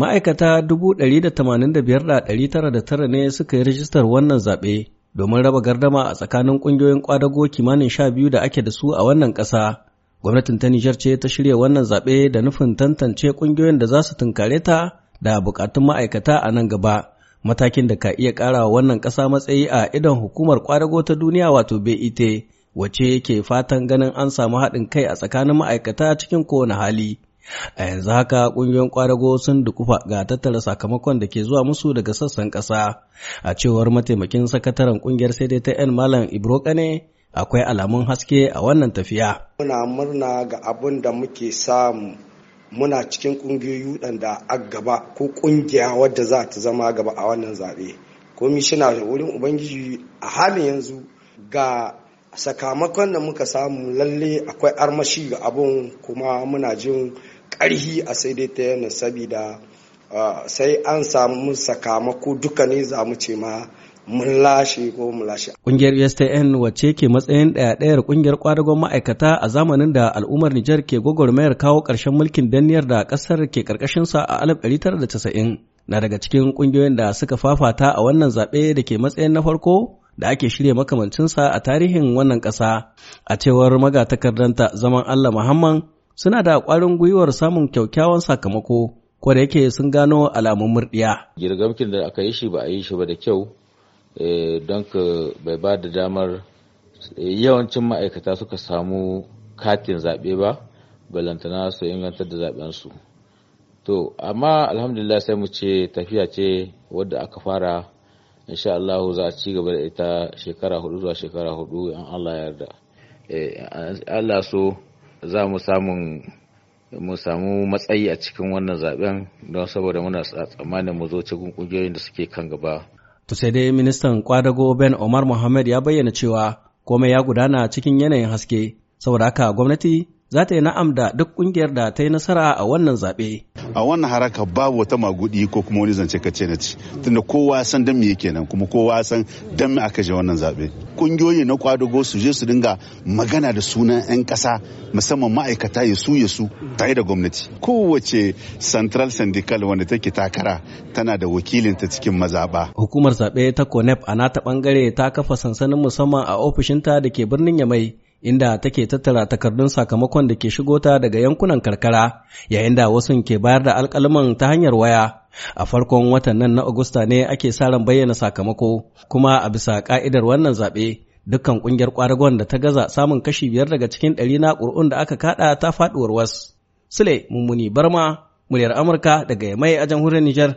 Ma'aikata da 185,909 ne suka yi rijistar wannan zaɓe domin raba gardama a tsakanin ƙungiyoyin ƙwadago kimanin sha biyu da ake da su a wannan ƙasa. Gwamnatin ta Nijar ce ta shirya wannan zaɓe da nufin tantance ƙungiyoyin da za su tunkare ta da buƙatun ma'aikata a nan gaba, matakin da ka iya ƙara wa wannan ƙasa matsayi a idon hukumar ƙwadago ta duniya wato BIT, e wace yake fatan ganin an samu haɗin kai a tsakanin ma'aikata cikin kowane hali. a yanzu haka ƙungiyoyin kwadago sun dukufa ga tattara sakamakon da ke zuwa musu daga sassan ƙasa a cewar mataimakin sakataren ƙungiyar sai dai ta yan malam Ibrokane, ne, akwai alamun haske a wannan tafiya muna murna ga abin da muke samu muna cikin kungiyoyi da a gaba ko ƙungiya wadda za ta zama gaba a wannan zaɓe komishina wurin ubangiji a halin yanzu ga sakamakon da muka samu lalle akwai armashi ga abun kuma muna jin ƙarhi a sai dai ta yana sabida sai an samu sakamako duka ne za mu ce ma mun lashe ko mun lashe. Ƙungiyar USTN wacce ke matsayin ɗaya-ɗayar ƙungiyar kwadagon ma'aikata a zamanin da al'ummar Nijar ke gwagwarmayar kawo ƙarshen mulkin danniyar da ƙasar ke ƙarƙashinsa a da casa'in na daga cikin ƙungiyoyin da suka fafata a wannan zaɓe da ke matsayin na farko da ake shirya makamancinsa a tarihin wannan ƙasa a cewar magatakardanta zaman Allah Muhammad suna da ƙwarin gwiwar samun kyakkyawan sakamako ko da yake sun gano alamun murɗiya. Girgamkin da aka yi shi ba a yi shi ba da kyau eh, don ka bai ba da damar eh, yawancin ma'aikata suka samu katin zaɓe ba balantana su ingantar da zaɓensu. To, amma alhamdulillah sai mu ce tafiya ce wadda aka fara insha Allah za a ci gaba da ita shekara hudu zuwa shekara hudu in Allah yarda. Eh, Allah so za mu samun mu samu matsayi a cikin wannan zaben don saboda muna tsammanin mu zo cikin kungiyoyin da suke kan gaba. To sai dai ministan kwadago Ben Omar Mohammed ya bayyana cewa komai ya gudana cikin yanayin haske saboda haka gwamnati za ta yi na'am da duk kungiyar da ta yi nasara a wannan zaɓe. a wannan haraka babu wata magudi ko kuma wani zance kace na ci tunda kowa san dan me yake nan kuma kowa san dan me aka je wannan zabe kungiyoyi na kwadugo su je su dinga magana da sunan yan kasa musamman ma'aikata ya su ya su tare da gwamnati kowace central syndical wanda take takara tana da wakilinta cikin mazaba hukumar zabe ta conep a nata bangare ta kafa sansanin musamman a ofishinta da ke birnin yamai inda take tattara takardun sakamakon da ke shigo ta daga yankunan karkara yayin da wasu ke bayar da alkalaman ta hanyar waya a farkon watan nan na agusta ne ake sa ran bayyana sakamako kuma a bisa ka'idar wannan zaɓe dukkan ƙungiyar ƙwaragon da ta gaza samun kashi biyar daga cikin ɗari na ƙuri'un da aka kaɗa ta faɗuwar wasu sule mummuni barma muryar amurka daga Yamai a jamhuriyar nijar